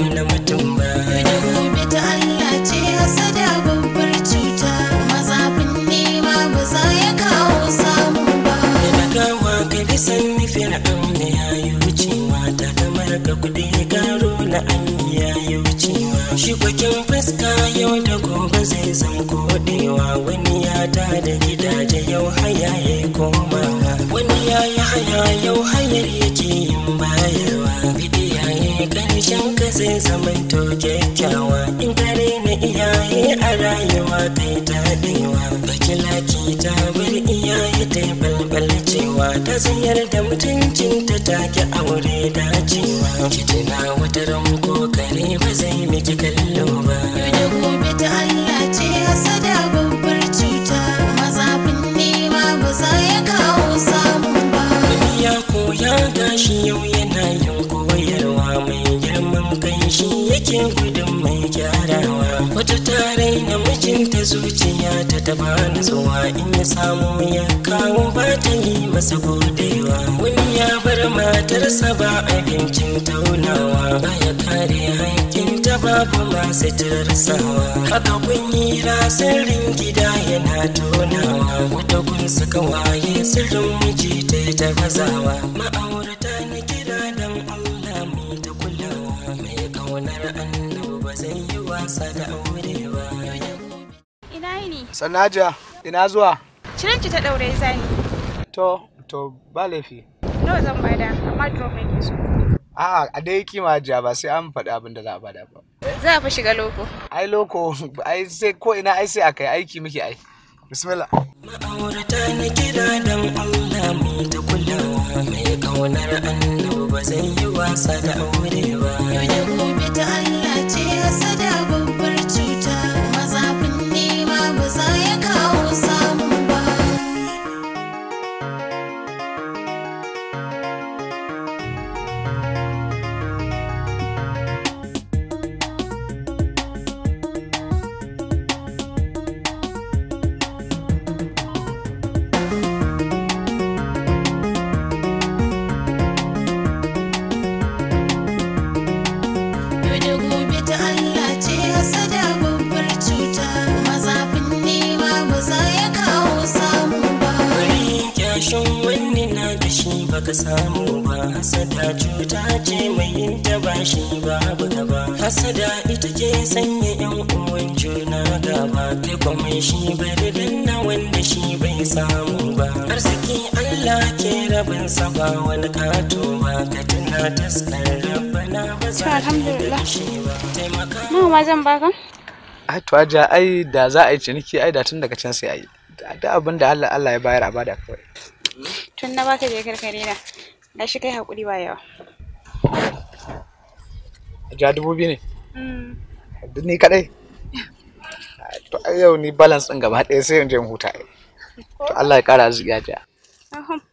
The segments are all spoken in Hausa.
na mutum ba da gobe ta Allah ce hasada babbar cuta mazafin nema ba za ya kawo samu ba da gawa ka bi san nufin aure ya yi wuce mata kamar ka kudi garo na an ya yi wuce ma shi fuska yau da gobe zai zan ɗewa wani ya ta da gidaje yau haya ya koma wani ya yi haya yau hayar zai zama kyakkyawa in kare na iyaye a rayuwa kai ta ɗewa baki laki ta bar iyaye ta balbal cewa ta zanyar da mutuncin ta take aure dacewa ki tuna wata ran kare ba zai miki kallo ba da gobe ta Allah ce hasada babbar ya take gudun mai gyarawa wata tare na mijinta zuciya ta taba nutsuwa in ya samu ya kawo ba ta yi masa godewa wani ya bar matarsa ba abincin taunawa ba ya kare hankinta babu masu tarsawa haka kun yi rasarin gida yana tonawa wata kun suka waye sirrin miji ta yi bazawa ma'aura ina yini sanaja ina zuwa cirinki ta daure zani to to ba laifi nawa zan bada amma mai ke so a'a a dai kima ja ba sai an faɗi abin da za a bada ba za a fi shiga loko ai loko ai sai ko ina ai sai akai aiki muke ai bismillah ma'aurata na kira dan Allah mu ta kulawa mai kaunar annabi ba zai yi wasa da aure ba zan baka? Ai to aja ai da za a yi ciniki ai da tun daga can sai a yi. Da abin da Allah Allah ya bayar a bada kawai. Tun na baka je karkare na. Da shi kai hakuri ba yawa. Aja dubu biyu ne? Mm. Duk ni kadai. To ai yau ni balance din gaba ɗaya sai in je in huta. To Allah ya kara arziki aja.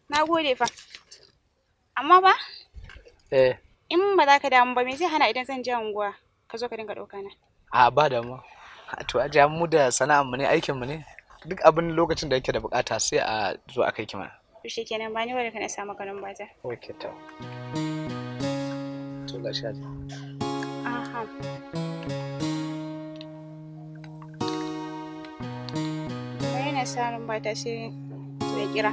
Na gode fa. Amma ba? Eh. In ba za ka damu ba me zai hana idan zan je unguwa? ka zo ka dinga ɗauka na a ba da mu. to ajiya mu da sana'ar mu ne aikin mu ne duk abin lokacin da yake da bukata sai a zo a kai ki mana to shikenan ba ni wanda kana maka ganin ta. okay to to lafiya aha bayan samun ta sai ya kira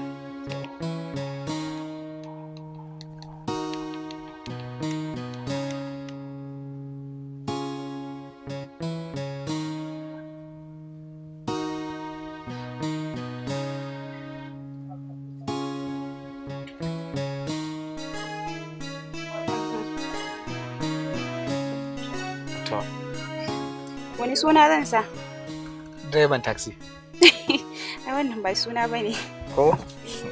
suna zan sa? Direban taxi. Ai wannan ba suna ba ne. Ko?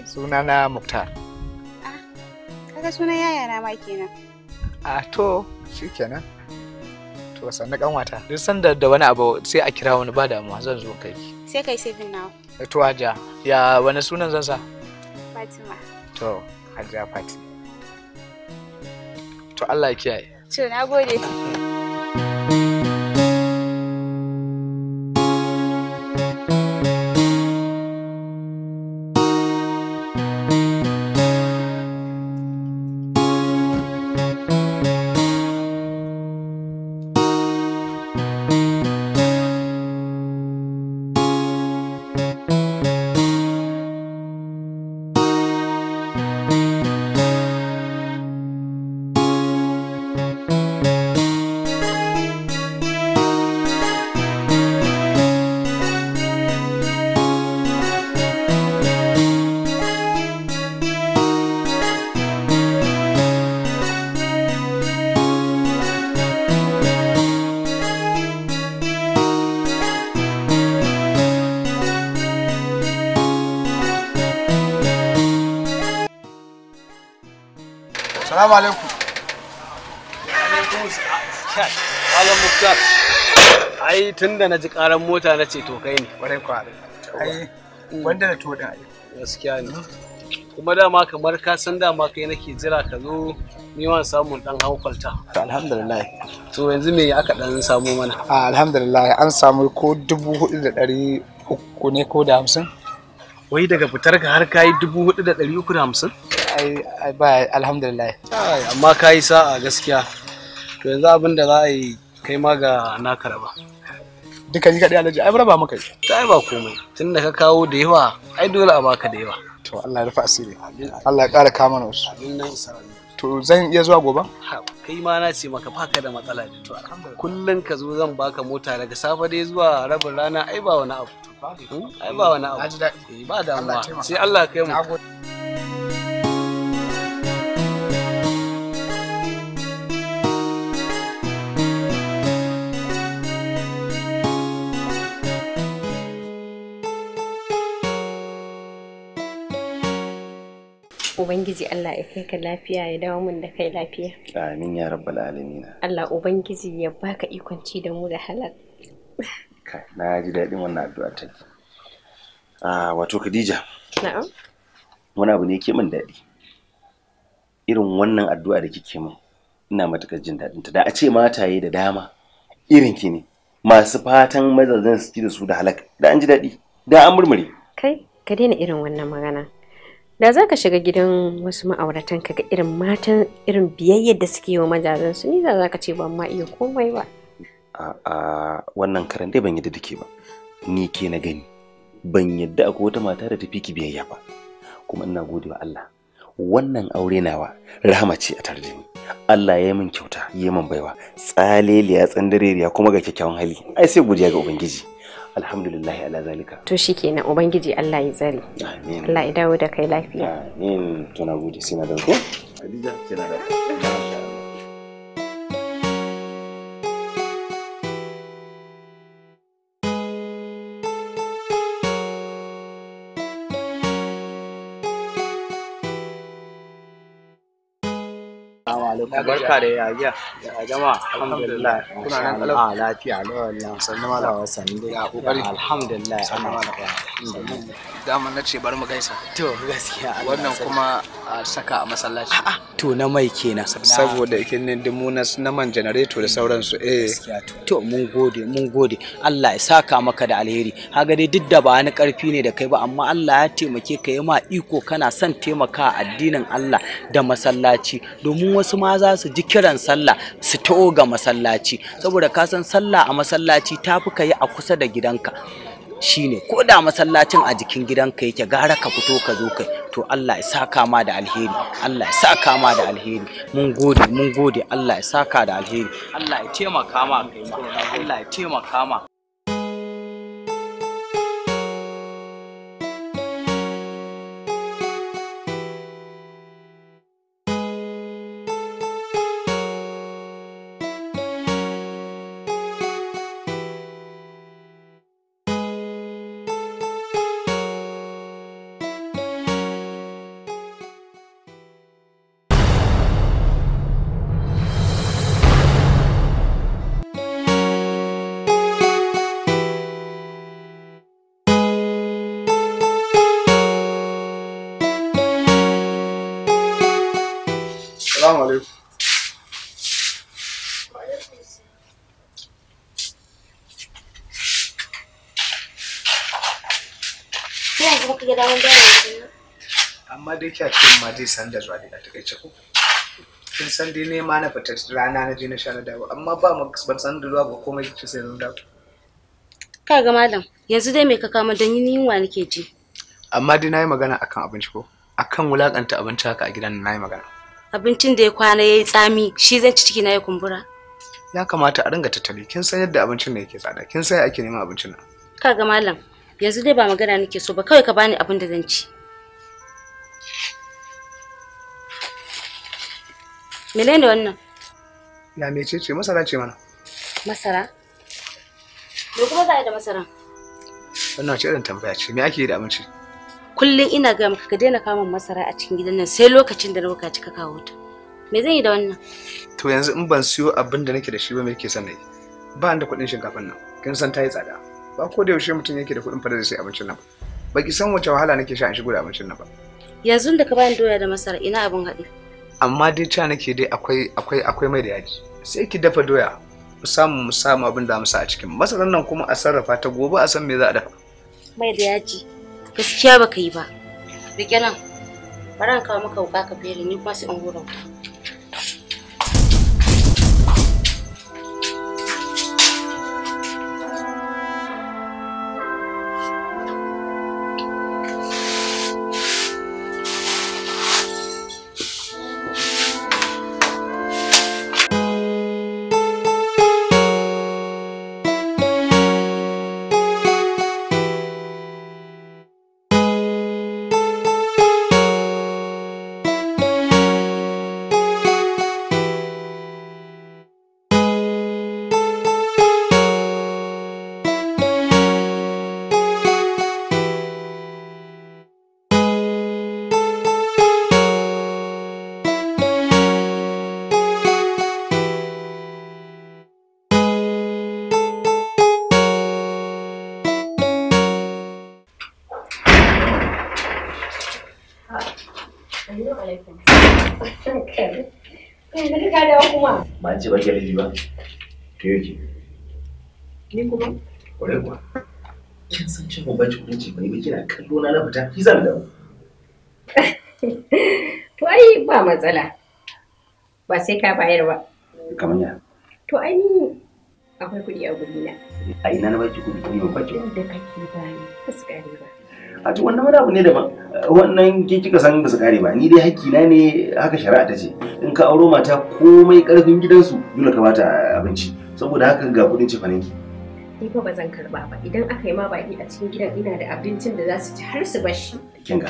Suna na Muktar. Ah, kaga sunan yaya na ma kenan. A to, shi kenan. To, sannan kanwata. Duk sanda da wani abu sai a kira wani ba damuwa zan zo kai. Sai kai saving nawa. Eh, to, Hajiya, ya wani sunan zan sa? Fatima. To, Hajiya Fatima. To, Allah ya kiyaye. To, na gode. salamu alaikum malam muktar ai tun da na ji karan mota na ce to kai ne kwarai kwarai ai wanda mm. na to da ai gaskiya ne kuma dama kamar ka san dama kai nake jira ka zo ni neman samun dan hankwalta alhamdulillah to yanzu me aka dan samu mana alhamdulillah an samu ko dubu hudu da dari uku ne ko da hamsin wai daga fitar ka har kayi dubu hudu da dari uku da hamsin ai ba alhamdulillah amma ka yi sa'a gaskiya to yanzu abin da za a yi kai ma ga naka raba duka ni kaɗai alhaji ai raba maka yi ta ba komai tun da ka kawo da yawa ai dole a baka da yawa to Allah ya rufa asiri Allah ya ƙara kama na wasu to zan iya zuwa gobe kai ma na ce maka baka da matsala da to kullun ka zo zan baka mota daga safe dai zuwa rabin rana ai ba wani abu hmm? ai ba wani abu eh, ba damuwa sai Allah ya kai mu Ubangiji Allah ya kai ka lafiya ya dawo mun da kai lafiya. Amin ya rabbal alamin. Allah Ubangiji ya baka ikon ci da mu da halal. Na ji daɗin wannan addu'a ta ki. Ah, wato Khadija. Na'am. Wani abu ne ke min daɗi. Irin wannan addu'a da kike min ina matuƙar jin daɗin ta. Da a ce mataye da dama irin ki ne masu fatan mazazan su ci da su da halak da an ji daɗi da an murmure. Kai ka daina irin wannan magana. da za ka shiga gidan wasu ma'auratan ka ga irin matan irin biyayyar da suke wa majazan su, ni da za ka ce ban ma iya komai ba a wannan karan dai ban yadda ke ba ni ke na gani ban yadda akwai wata mata da tafi ki biyayya ba kuma ina gode wa Allah wannan aure nawa rahama ce a tare da ni Allah ya yi min kyauta ya yi min baiwa tsaleliya tsandareriya kuma ga kyakkyawan hali ai sai godiya ga ubangiji alhamdulillahi ala zalika to shikenan ubangiji Allah ya tsare amin Allah ya dawo da kai lafiya amin to na gode sai na dauko Khadija alaikum barka da yajiya ya jama'a alhamdulillah kuna nan a lafiya lawa na sannu kokari alhamdulillah sannu mala alhamdulillah dama nace bari mu gaisa to gaskiya wannan kuma a saka a masallaci to na mai kenan saboda kinnin dimu na man janareto da sauransu eh to mun gode mun gode Allah ya saka maka da alheri haga dai duk da ba ni karfi ne da kai ba amma Allah ya taimake ka ma iko kana son taimaka addinin Allah da masallaci domin wasu ma za su ji kiran sallah su ta'o ga masallaci saboda ka san sallah a masallaci tafi ka a kusa da gidanka shine ko da masallacin a jikin gidanka yake gara ka fito ka zo kai to Allah ya saka ma da alheri Allah ya saka ma da alheri mun gode mun gode Allah ya saka da alheri Allah ya taimaka ma kai Allah ya taimaka ma dai kya ce ma zai san da zuwa a takaice ko kin san dai ne ma na fita rana na je na sha na dawo amma ba mu ban san da zuwa ba komai kici sai na dawo ka ga malam yanzu dai me ka kama dan yin yunwa nake ji amma dai nayi magana akan abinci ko akan wulakanta abinci haka a gidan nayi magana abincin da ya kwana yayi tsami shi zan ci ciki na ya kumbura ya kamata a ringa tattali kin san yadda abincin ne yake tsada kin san ake neman abincin nan ga malam yanzu dai ba magana nake so ba kawai ka bani abin da zan ci Menene wannan? Ya mece ce masara ce mana. Masara? Me kuma za da masara? Wannan ce irin tambaya ce, me ake yi da abinci? Kullum ina ga maka ka daina kamun masara a cikin gidan nan sai lokacin da na bukaci ka kawo ta. Me zan yi da wannan? To yanzu in ban siyo abin da nake da shi ba me kike son ba Ba da kuɗin shinkafan nan. Kin san ta yi tsada. Ba ko da yaushe mutum yake da kuɗin fara da sai abincin nan ba. Baki san wace wahala nake sha in shigo da abincin nan ba. Yanzu da ka bani doya da masara ina abin haɗi. amma dai ca nake dai akwai akwai akwai mai da yaji sai ki dafa doya mu samu mu samu abin da musa a cikin masarar nan kuma a sarrafa ta gobe a san me za a dafa mai da yaji gaskiya baka yi ba rike nan bari kawo maka wuka ka fere ni kuma sai in hura ce ba ke laifi ba to yake ni kuma kwarai kuwa kin san cin ban ba kina kallo na na fita ki zan dawo to ai ba matsala ba sai ka bayar ba kamar ya to ai ni akwai kuɗi a gurina a ina na baki kuɗi ne ba baki da kake bani fuskari ba a ci wannan wani abu ne daban wannan ke kika san ba su kare ba ni dai hakki na ne haka shari'a ta ce in ka auro mata komai karfin gidansu dole ka bata abinci saboda haka ga kudin ci ni fa ba zan karba ba idan aka yi ma baki a cikin gidan ina da abincin da za su ci har su shi. kin ga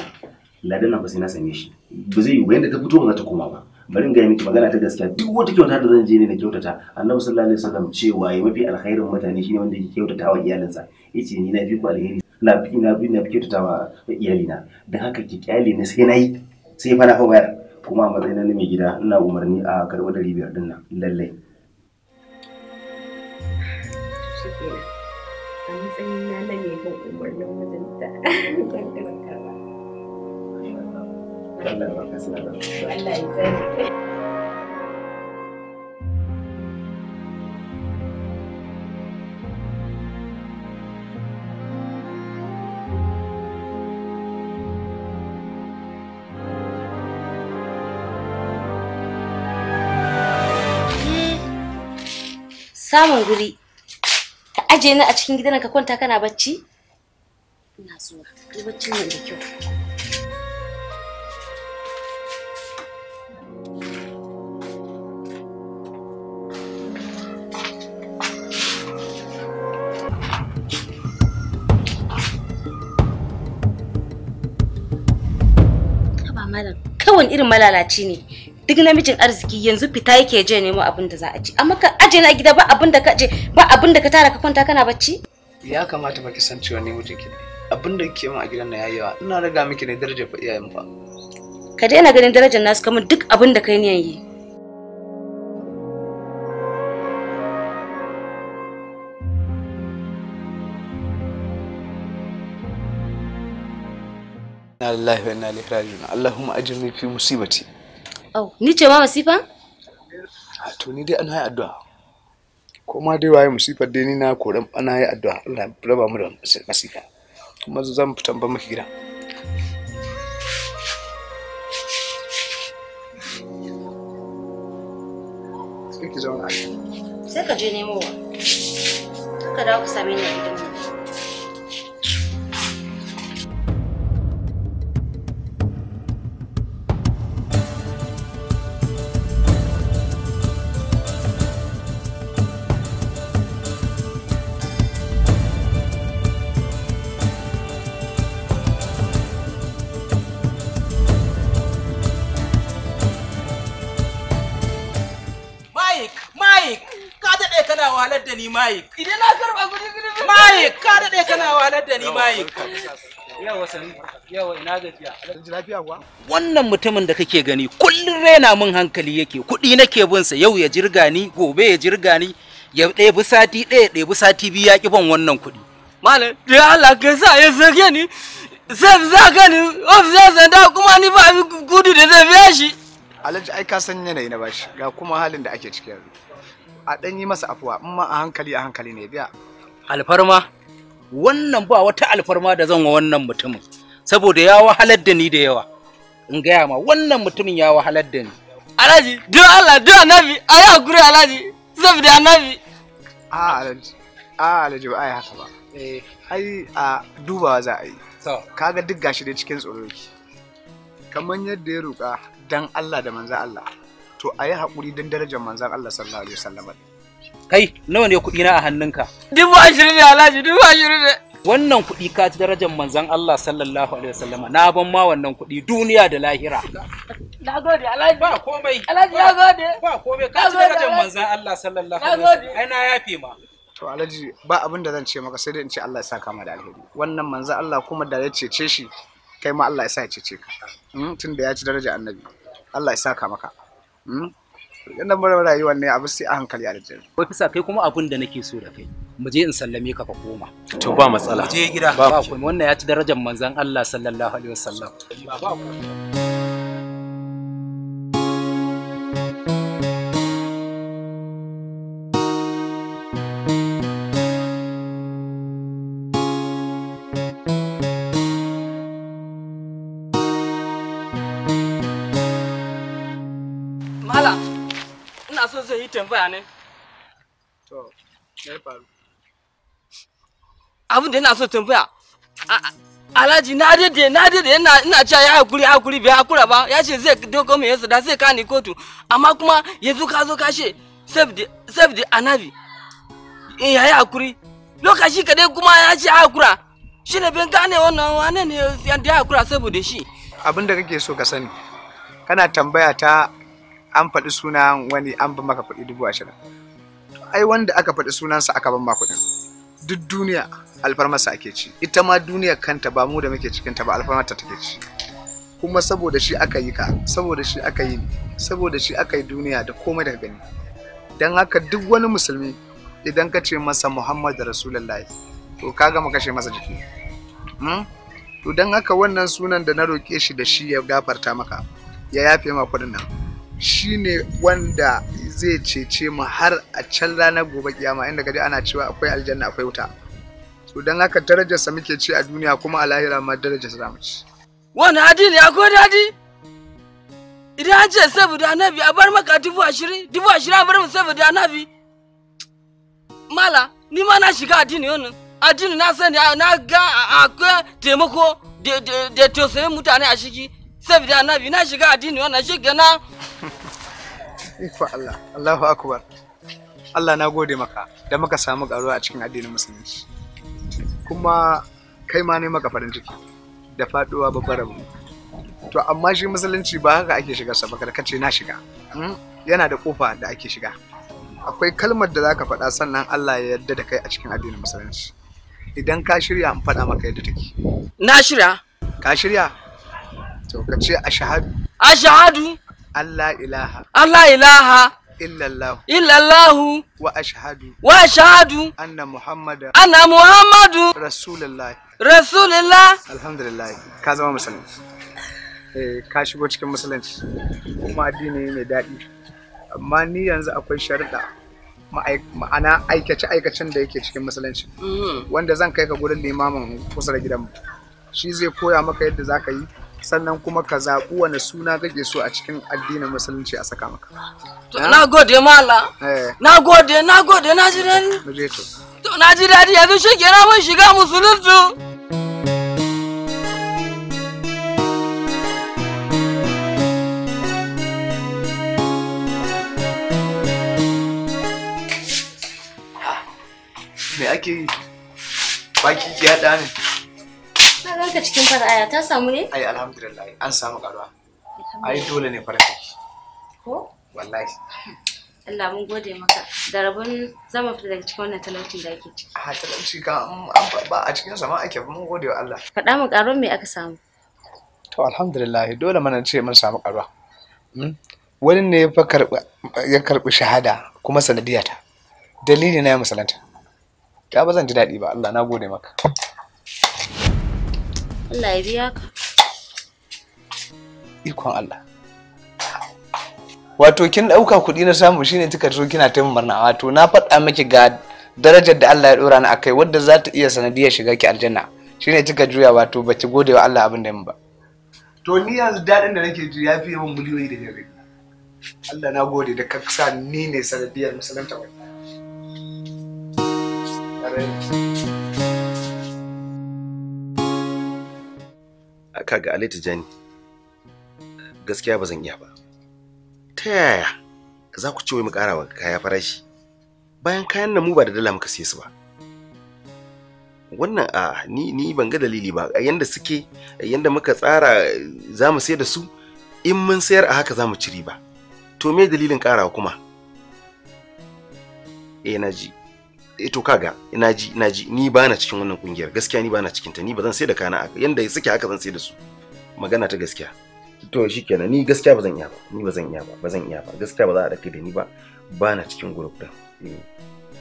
ladan nan ba sai na sanye shi ba zai yi ba yanda ta fito ba za ta koma ba bari in gaya miki magana ta gaskiya duk wata kyauta da zan je ne na kyautata annabi sallallahu alaihi wasallam cewa ya mafi alkhairin mutane shine wanda yake kyautata wa iyalinsa yace ni na fi ku alheri na bi na bi na bi iyalina don haka ki kyale ni sai na yi sai fa na fa kuma a matsayin na mai gida ina umarni a karɓar ɗari biyar ɗin nan lallai. Allah ya baka samun guri ka aje ni a cikin gidan ka kwanta kana bacci ina zuwa kai bacci ne da kyau Kawan irin malalaci ne duk namijin arziki yanzu fita yake je nemo abin da za a ci amma ka aje na gida ba abin da ka je ba abin da ka tara ka kwanta kana bacci ya kamata ba ki san cewa ni mutum ki abin da kike min a gidan na yayi yawa ina raga miki ne darajar fa iyayen fa ka daina ganin darajar nasu kamar duk abin da kai niyan yi allahumma ajirni fi musibati ni ce ma masifa? Ah, to ni dai ana yi addu'a. Ko ma dai waye masifa dai ni na koran ana yi addu'a Allah raba mu da masifa. Kuma zan fitan ban miki gida. Sai Sai ka je nemo wa. Ka dawo ka same ni a gidan mu. Mike. Idan na Mike, ka daɗe kana wahalar da ni Mike. Yawa sani, yawa ina gajiya. Ji lafiya kuwa? Wannan mutumin da kake gani kullum raina min hankali yake. Kuɗi nake bin sa yau ya jirga ni, gobe ya jirga ni, ya ɗebi sati ɗaya, ɗebi sati biyu ya ƙi ban wannan kuɗi. Malam, da Allah ka sa ya sake ni. Sai za ka ni, ofisar da kuma ni ba gudu da zai biya shi. Alhaji ai ka san yanayi na bashi, ga kuma halin da ake ciki yanzu. a dan yi masa afuwa in ma a hankali a hankali ne biya alfarma wannan ba wata alfarma da zan wa wannan mutumin saboda ya wahalar da ni da yawa in gaya ma wannan mutumin ya wahalar da ni alhaji don allah don annabi a yi hakuri alhaji saboda annabi a alhaji a alhaji ba a yi haka ba eh, ai a dubawa za a yi kaga duk gashi dai cikin tsoro kamar yadda ya roƙa dan allah da manzo allah to a yi haƙuri don darajar manzan Allah sallallahu alaihi wasallam kai nawa ne kuɗi na a hannunka dubu ashirin ne alhaji dubu ashirin ne wannan kuɗi ka ci darajar manzan Allah sallallahu alaihi wasallam na ban ma wannan kuɗi duniya da lahira na gode alhaji ba komai alhaji gode ba komai ka ci darajar manzan Allah sallallahu alaihi wasallam ai na yafe ma to alhaji ba abin da zan ce maka sai dai in ce Allah ya saka ma da alheri wannan manzan Allah kuma da ya cece shi kai ma Allah ya sa ya cece ka hmm, tun da ya ci darajar annabi Allah ya saka maka yan hmm? lamarin rayuwar ne abu sai a hankali a Ko ofisa kai kuma abun da nake so da kai mu je in sallame ka ka koma to ba matsala je gida ba wannan ya ci darajar manzon Allah sallallahu alaihi wasallam ba ba tambaya ne to me faru abin da ina so tambaya Alhaji na dade na dade ina ina cewa ya hakuri hakuri bai hakura ba ya ce zai ko mai yasa da zai kani kotu amma kuma yanzu ka zo ka ce save the anabi in eh, yi hakuri lokaci kadai kuma ya ce hakura shi ne bin gane wannan wane ne ya hakura saboda shi abin da kake so ka sani kana tambaya ta an faɗi sunan wani an ba maka kuɗi dubu ashirin ai wanda aka faɗi sunansa aka ban ma kuɗin duk duniya alfarmarsa ake ci ita ma duniya kanta ba mu da muke cikinta ta ba alfarmarta take ci kuma saboda shi aka yi ka saboda shi aka yi saboda shi aka yi duniya da komai daga gani don haka duk wani musulmi idan ka ce masa muhammad rasulullahi to ka gama kashe masa jiki hmm? to don haka wannan sunan da na roƙe shi da shi ya gafarta maka ya yafe ma kuɗin nan shine wanda zai cece mu har a can ranar gobe kiyama inda kaji ana cewa akwai aljanna akwai wuta to don haka darajarsa muke ci a duniya kuma a lahira ma darajarsa za mu ci wani adil ya ko dadi idan an ce saboda annabi a bar maka dubu ashirin dubu ashirin a bar mu saboda annabi mala ni ma na shiga addini wannan addini na sani na ga akwai taimako da tausayin mutane a shiki saboda annabi na shiga addini wannan shi kenan ikwa Allah Allahu akbar Allah na gode maka da muka samu garo a cikin addinin musulunci kuma kai ma ne maka farin ciki da faduwa babbar rabu to amma shi musulunci ba haka ake shiga sa baka kace na shiga hmm? yana da kofa da ake shiga akwai kalmar da zaka faɗa sannan Allah ya yarda da kai a cikin addinin musulunci idan ka shirya an faɗa maka yadda take na shirya ka shirya to ka ce a shahadu. A shahadu. Allah ilaha Allah ilaha illallahu illallahu wa ashhadu wa ashhadu anna muhammada anna muhammadu rasulullah rasulullah alhamdulillah ka zama musulmi eh ka shigo cikin musulunci kuma addini mai daɗi amma ni yanzu akwai sharuɗa ma'ana aikace aikacen da yake cikin musulunci mm-hmm. wanda zan kai ka gurin limamin kusa da gidanmu shi zai koya maka yadda za ka yi sannan kuma ka zaɓi wani suna kake so a cikin addinin musulunci a saka maka. na gode mala. Eh. Na gode, na gode, na ji daɗi. to. na ji daɗi yanzu shi ke mun shiga musulunci. Me ake yi? Baki ki haɗa ne. Na cikin fara'aya ta samu ne? Ai alhamdulillah an samu karuwa. Ai dole ne farin ciki. Ko? Wallahi. Allah mun gode maka da rabon zama fita daga cikin wannan talaucin da ake ciki. A talauci ka ba a cikin sama ake mun gode wa Allah. Faɗa mu karuwa me aka samu? To alhamdulillah dole mana ce mun samu karuwa. Hmm? Wani ne ya karɓi shahada kuma sanadiyata. Dalili na ya musalanta. Ya ba zan ji daɗi ba Allah na gode maka. Allah ya biya ka. Ikon Allah. Wato kin ɗauka kuɗi na samu shine kika so kina ta murna wato na faɗa miki ga darajar da Allah ya ɗora ni akai wadda za ta iya sanadiyar shiga ki aljanna shine kika juya wato ba ki gode wa Allah abin da yin ba. To ni yanzu daɗin da nake ji ya fi yawan miliyoyi da dare. Allah na gode da ka sa ni ne sanadiyar musulunta wannan. ga Ali Tijani gaskiya ba zan iya ba ta yaya za ku ce wai mu ƙara wa kaya farashi bayan kayan nan mu ba da dala muka siye su ba wannan a ni ni ban ga dalili ba yanda suke yanda muka tsara za mu sayar da su in mun sayar a haka za mu ciri ba. to me dalilin ƙara kuma eh na ji eh to kaga ina ji ina ji ni ba na cikin wannan kungiyar gaskiya ni ba na cikin ta ni ba zan sai da kana yanda suke haka zan sai da su magana ta gaskiya to shikenan ni gaskiya ba zan iya ba ni ba zan iya ba ba zan iya ba gaskiya ba za a dake kai da ni ba ba na cikin group din eh,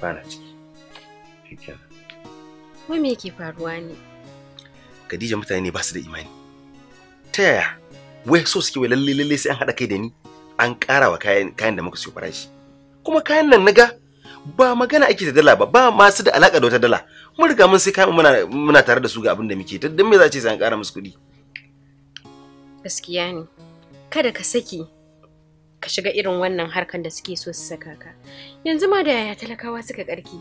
ba na ciki shikenan wai me yake faruwa ne Khadija mutane ne ba su da imani ta yaya wai so suke wai lalle lalle sai an hada kai da ni an karawa kayan kayan da muka siyo farashi kuma kayan nan naga ba magana ake da dala ba ba masu da alaka da wata dala mun riga mun sai kama muna muna tare da su ga abin da muke dan me za ce sai an kara musu kuɗi gaskiya ne kada ka saki ka shiga irin wannan harkan da suke so su saka ka yanzu ma da yaya talakawa suka karki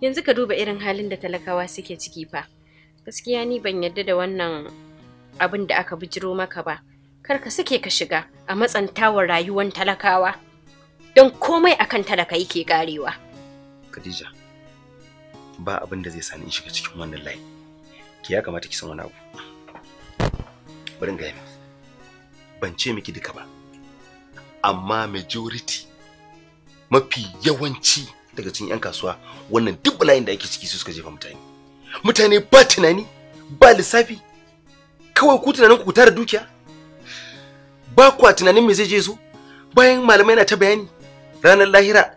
yanzu ka duba irin halin da talakawa suke ciki fa gaskiya ni ban yarda da wannan abin da aka bijiro maka ba kar ka sake ka shiga a matsantawa rayuwar talakawa don komai akan talaka yake karewa. Khadija ba abin da zai sani in shiga cikin wannan layi ki ya kamata ki san wani abu bari gaya miki ban ce miki duka ba amma majority mafi yawanci daga cikin 'yan kasuwa wannan duk layin da ake ciki su suka jefa mutane mutane ba tunani ba lissafi kawai ku tunanin ku tara dukiya ba kwa tunanin me zai je su bayan malamai na ta bayani ranar lahira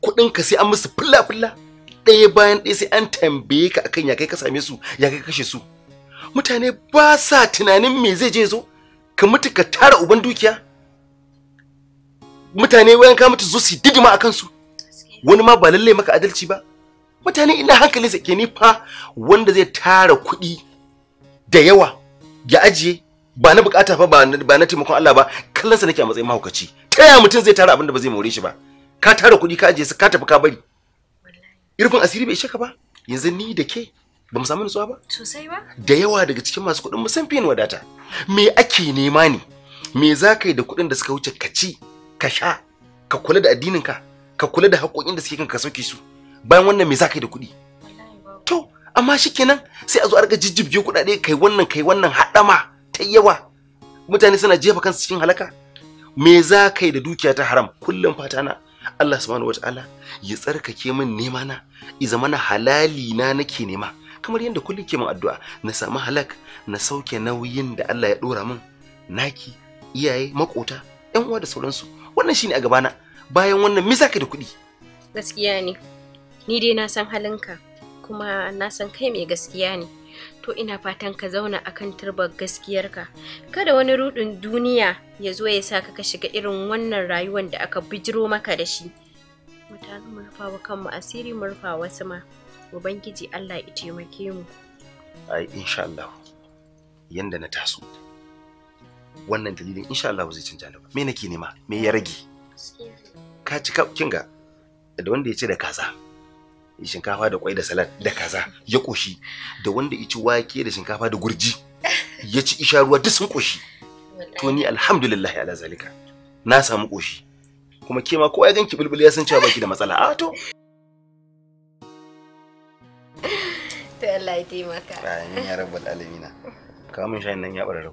kuɗin ka sai an musu fulla fulla ɗaya bayan ɗaya sai an tambaye ka akan ya kai ka same su ya kai kashe su mutane ba sa tunanin me zai je zo ka mutu ka tara uban dukiya mutane wayan ka mutu zo su didima akan su wani ma ba lallai maka adalci ba mutane ina hankali sa ke nifa wanda zai tara kuɗi da yawa ya ajiye ba na bukata fa ba na taimakon Allah ba kallon sa nake a matsayin mahaukaci ta yaya mutum zai tara abin da ba zai more shi ba ka tara kuɗi ka ajiye su ka tafi ka bari irfin asiri bai shaka ba yanzu ni da ke ba mu samu nutsuwa ba sosai ba da yawa daga cikin masu kuɗin musan fiye wadata me ake nema ne me za ka yi da kuɗin da suka wuce ka ci ka sha ka kula da addinin ka ka kula da haƙoƙin da suke kan ka sauke su bayan wannan me za ka yi da kuɗi to amma shikenan sai a zo a rika jijjibge kuɗaɗe kai wannan kai wannan haɗama ta yawa mutane suna jefa kansu cikin halaka me za ka yi da dukiya ta haram kullum fatana? Allah subhanahu wataala ya tsarkake min nema na i na halali na nake nema kamar yadda kullum ke min addu'a na samu halak na sauke nauyin da Allah ya dora min naki iyaye makota yan uwa da sauransu wannan shine a gabana bayan wannan me zaka da kuɗi gaskiya ne ni dai na san halinka kuma na san kai mai gaskiya ne to ina fatan ka zauna akan turbar gaskiyarka kada wani rudin duniya ya zo ya sa ka ka shiga irin wannan rayuwar da aka bijiro maka da shi mu mu rufa wa kanmu asiri mu rufa wasu ma ubangiji Allah ya taimake mu ai insha Allah yanda na taso wannan dalilin insha Allah zai canja ba me nake nema me ya rage ka ci kin ga da wanda ya ce da kaza shinkafa da kwai da salad da kaza ya koshi da wanda ya ci wake da shinkafa da gurji ya ci isha ruwa duk sun koshi to ni alhamdulillah ala zalika na samu koshi kuma kema ma kowa ya ganki bulbul ya san cewa baki da matsala a to to Allah ya taimaka amin ya rabbal alamin kawo shayin nan ya bararau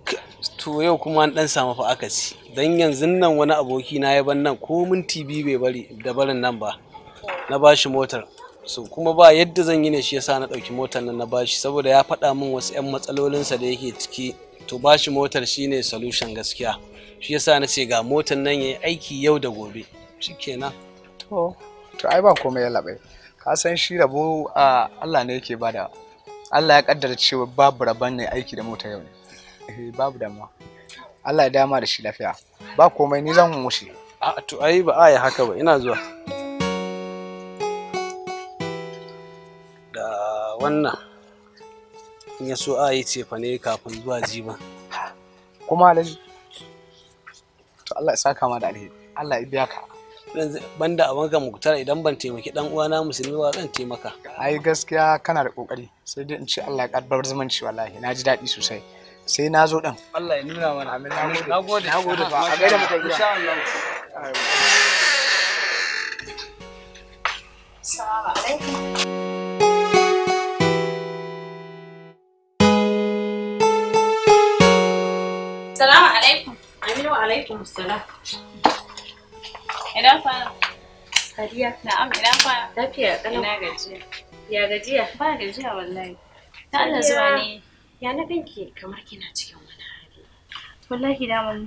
to yau kuma an dan samu fa akasi dan yanzu nan wani aboki na ya ban nan ko minti biyu bai bari da barin nan ba na bashi motar so kuma ba yadda zan yi ne shi yasa na ɗauki motar nan na bashi saboda ya faɗa min wasu 'yan matsalolinsa da yake ciki to bashi motar shine solution gaskiya shi yasa na ce ga motar nan yayi aiki yau da gobe shikenan to to ai ba komai ya labe, ka san shi rabo a Allah ne yake bada Allah ya kaddara cewa babu rabon ne aiki da mota yau ne eh, babu dama Allah ya dama da shi lafiya ba komai ni zan wuce a to ai ba a haka ba ina zuwa wannan in ya so a yi cefa ne kafin zuwa jiba kuma alhaji to Allah ya saka ma da alheri Allah ya biya ka yanzu banda a banka muktar idan ban taimaki dan uwana musulmi ba zan taimaka ai gaskiya kana da kokari sai dai in ce Allah ya karbar zumunci wallahi naji ji daɗi sosai sai na zo dan Allah ya nuna mana amin na gode na gode ba a gaida mutan insha Allah Assalamu alaikum عليكم السلام Ina Sadiya. Na'am, ina kwana. Lafiya kalau. gajiya. Ya gajiya? Ba gajiya wallahi. Ta Allah zuwa ne. Ya na ganki kamar kina cikin wani hali. Wallahi daman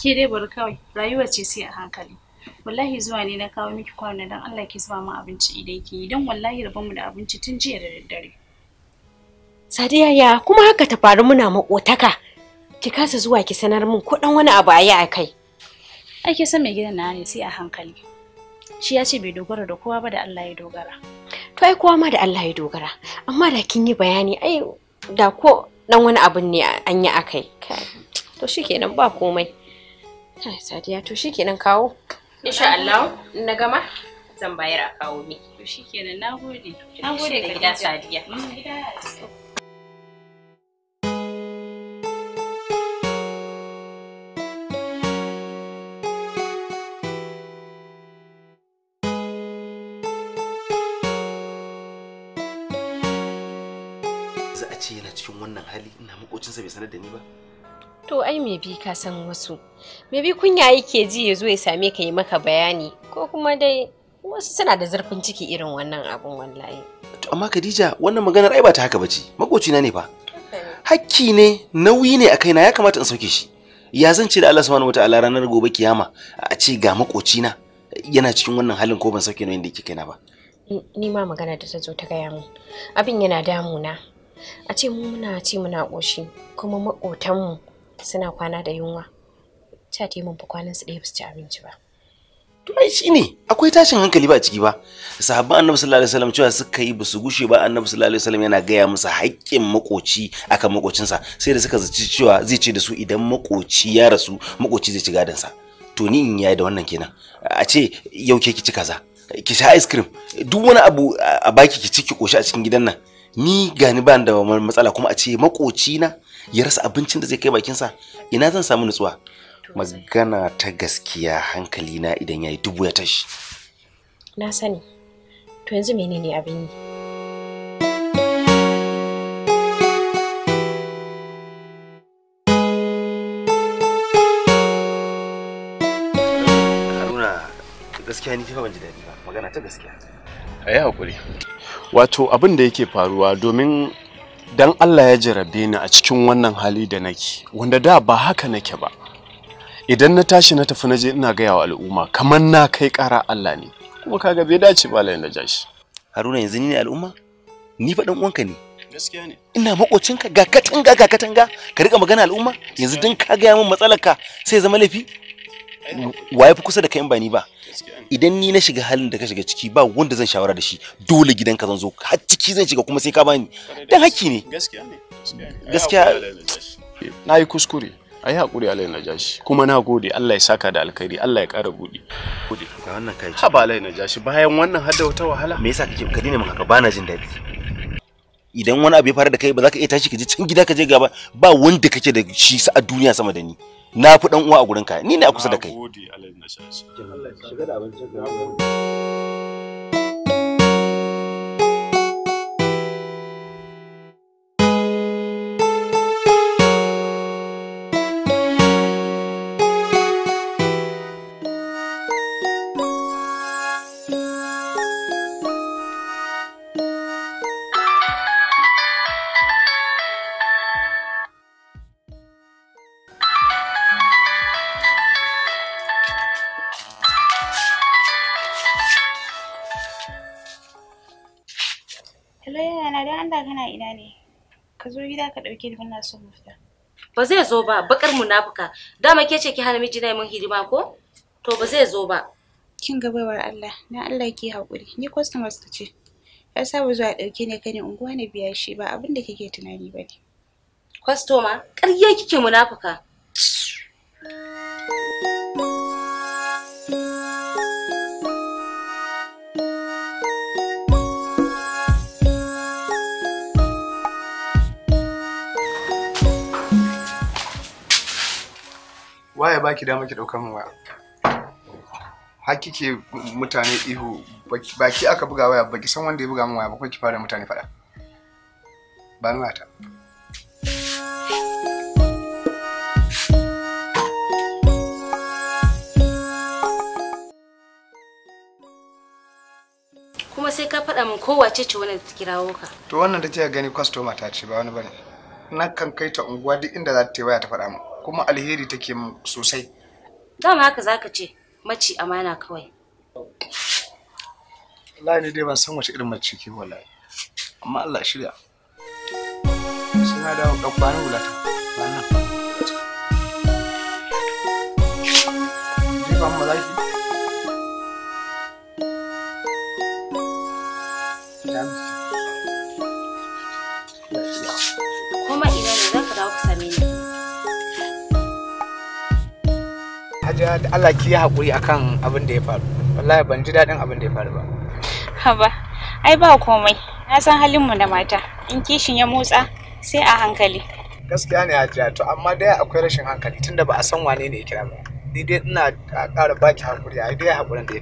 ke dai bari kawai rayuwar ce sai a hankali. Wallahi zuwa ne na kawo miki kwana don Allah ki zuba mu abinci idan ki don wallahi mu da abinci tun jiya da daddare. Sadiya ya kuma haka ta faru muna makotaka. ki kasa zuwa ki sanar min ko dan wani abu ayi a kai ai ke san mai gidan na ne sai a hankali shi ya ce bai dogara da kowa ba da Allah ya dogara to ai kowa ma da Allah ya dogara amma da kin yi bayani ai da ko dan wani abu ne an yi akai to shikenan ba komai kai sadiya to shikenan kawo insha Allah na gama zan bayar a kawo miki to shikenan nagode nagode ga gida sadiya mm, gida za a ce yana cikin wannan hali ina makocinsa bai sanar da ni ba to ai me bi ka san wasu me bi kunya yake ji ya zo ya same ka yi maka bayani ko kuma dai wasu suna da zarfin ciki irin wannan abun wallahi to amma Khadija wannan maganar ai ba ta haka bace makocina ne fa hakki ne nauyi ne a kaina ya kamata in sauke shi ya zan ce da Allah subhanahu wataala ranar gobe kiyama a ce ga makocina yana cikin wannan halin ko ban sauke nauyin da yake kaina ba ni ma magana da ta zo ta gaya mu abin yana damuna a ce mu muna ce muna ƙoshi kuma maƙotanmu suna kwana da yunwa ta te mun fa kwanan su ɗaya ba su ci abinci ba to ai ne akwai tashin hankali ba a ciki ba sahabban annabi sallallahu alaihi wasallam cewa suka yi basu gushe ba annabi sallallahu alaihi wasallam yana gaya musu haƙƙin makoci akan makocinsa sai da suka zaci cewa zai ce da su idan makoci ya rasu makoci zai ci gadansa to ni in yayi da wannan kenan a ce yau ke ki ci kaza ki sha ice cream duk wani abu a baki ki ci ki koshi a cikin gidan nan ni gani ban da matsala kuma a ce makoci na ya rasa abincin da zai kai bakinsa ina zan samu nutsuwa magana ta gaskiya hankali na idan yayi dubu ya tashi na sani to yanzu menene abin yi gaskiya ni fa ban ji daɗi ba magana ta gaskiya a yi haƙuri wato abin da yake faruwa domin dan Allah ya jarabe ni a cikin wannan hali da nake wanda da ba haka nake ba idan na tashi na tafi na je ina gaya wa al'umma kamar na kai ƙara Allah ne kuma kaga bai dace ba layin da jashi Haruna yanzu ni ne al'umma ni fa dan uwanka ne gaskiya ne ina makocinka ga katanga ga katanga ka riga magana al'umma yanzu dan ka gaya min matsalarka sai zama laifi waye fi kusa da kai in ba ni ba idan ni na shiga halin da ka shiga ciki ba wanda zan shawara da shi dole gidanka zan zo har ciki zan shiga kuma sai ka bani dan haƙƙi ne gaskiya na yi kuskure a yi haƙuri na jashi kuma na gode Allah ya saka da alkhairi Allah ya ƙara buɗe ga wannan kai haba alayin bayan wannan hada wata wahala me yasa kake ka dina maka ba na jin daɗi idan wani abu ya faru da kai ba za ka iya tashi ka je can gida ka je gaba ba wanda kake da shi a duniya sama da ni na fi dan uwa a gurin ka ni ne a kusa da kai ka dauke ni muna son mu ba zai zo ba bakar munafuka dama ke ce ki hana miji na mun hidima ko to ba zai zo ba kin ga baiwar Allah na Allah ki hakuri ni customer ta ce ya saba zuwa dauke ne kani unguwa na biya shi ba abin da kike tunani ba bane customer ƙarya kike munafuka waye baki dama ki daukar mu waya har ke mutane ihu baki aka buga waya baki san wanda ya buga min waya ba ki fara mutane fada ba ni wata. kuma sai ka faɗa min kowace ce wannan ta kirawo ka to wannan da ta gani customer ta ce ba wani bane na kan kai ta unguwa duk inda za ta yi waya ta faɗa min kuma alheri take mu sosai dama haka zaka ce mace amana kawai wallahi ne dai ban san wace irin mace ke wallahi amma Allah shirya suna da ɗabbanin wulata ba na ba mu zaki hajiya da Allah ki yi haƙuri akan abin da ya faru wallahi ban ji daɗin abin da ya faru ba haba ai ba komai na san halin mu da mata in kishin ya motsa sai a hankali gaskiya ne ajiya to amma dai akwai rashin hankali tunda ba a san wane ne ya kira ba ni dai ina ƙara baki haƙuri ai dai haƙurin da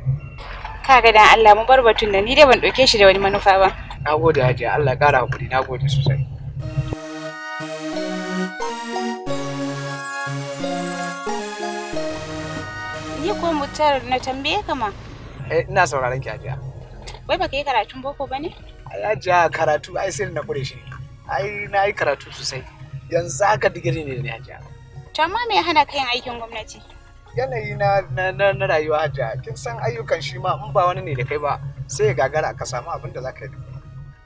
Ka kaga dan Allah mu bar batun da ni dai ban ɗauke shi da wani manufa ba nagode hajiya Allah ƙara haƙuri nagode sosai ko mutar na tambaye ka ma. Eh ina sauraron ki ajiya. Wai baka yi karatun boko bane? Ai ajiya karatu ai sai na kure shi. Ai na yi karatu sosai. Yanzu haka digiri ne ne ajiya. To amma me ya hana ka yin aikin gwamnati? Yanayi na na na rayuwa ajiya. Kin san ayyukan shi ma in ba wani ne da kai ba sai ya gagara ka samu abin da za yi.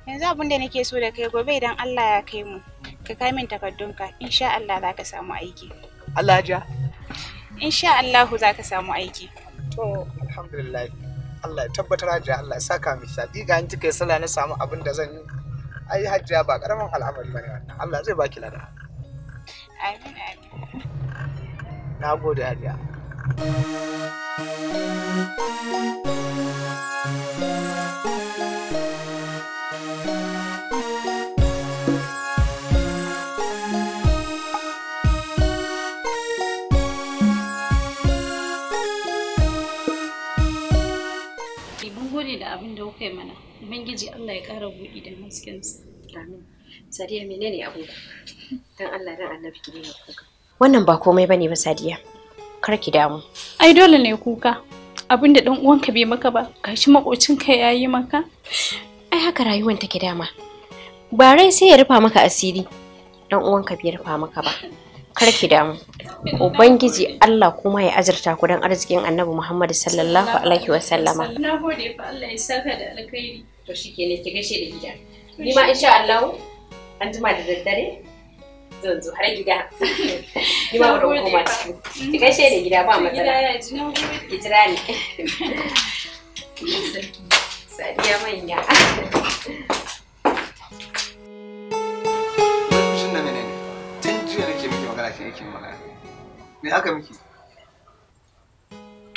Yanzu abin da nake so da kai gobe idan Allah ya kai mu. Ka kai min takardunka insha Allah za ka samu aiki. Allah ya insha Allahu za ka samu aiki to alhamdulillah Allah ya tabbatar hajiya Allah ya saka miki shaɗi ga kika kai sallah na samu abin da zan yi ai hajiya ba karamin al'amari bane wannan Allah zai baki lada amin amin na gode hajiya thank you kai mana ubangiji Allah ya kara buɗi da haskensa amin sadiya menene abin dan Allah dan annabi ki ne kuka wannan ba komai bane ba sadiya kar ki damu ai dole ne kuka abin da dan uwanka bai maka ba gashi makocinka yayi maka ai haka rayuwar take dama ba rai sai ya rufa maka asiri dan uwanka bai rufa maka ba karki damu ubangiji Allah kuma ya azurta ku dan arzikin annabi Muhammad sallallahu alaihi wa sallama na gode fa Allah ya saka da alkhairi to shikenan ki gashe da gida ni ma insha Allah an jima da daddare zan zo har gida ni ma ba bari koma ciki ki gashe da gida ba matsala ki jira ni sadiya manya shi yake magana me haka miki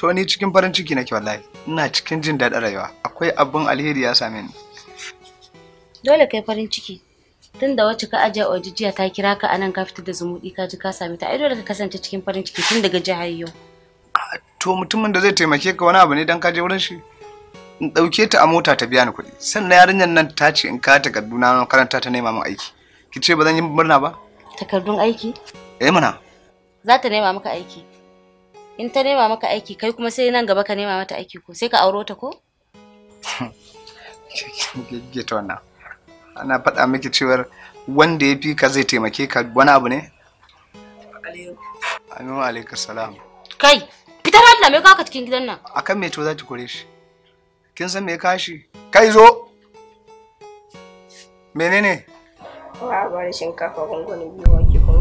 to ni cikin farin ciki nake wallahi ina cikin jin daɗin rayuwa akwai abin alheri ya same ni dole kai farin ciki tun da wacce ka ajiye ojijiya ta kira ka anan ka fita da zumuɗi ka ji ka same ta ai dole ka kasance cikin farin ciki tun daga jihar yau ah, to mutumin da zai taimake ka wani abu ne dan ka je wurin shi in ɗauke ta a mota ta biya ni kuɗi sannan yarinyar nan ta ce in ka takardu na karanta ta nema min aiki ki ce ba zan yi murna ba takardun aiki eh mana za ta nema maka aiki in ta nema maka aiki kai kuma sai nan gaba ka nema mata aiki ko sai ka auro ta ko ta wannan ana faɗa miki cewar wanda ya fi ka zai taimake ka wani abu ne amin wa alaikar salam kai fitar Allah me kawaka ka cikin gidan nan akan me to za ki kore shi kin san me kashi kai zo menene ko a bar shinkafa gungun biyu wanki kuma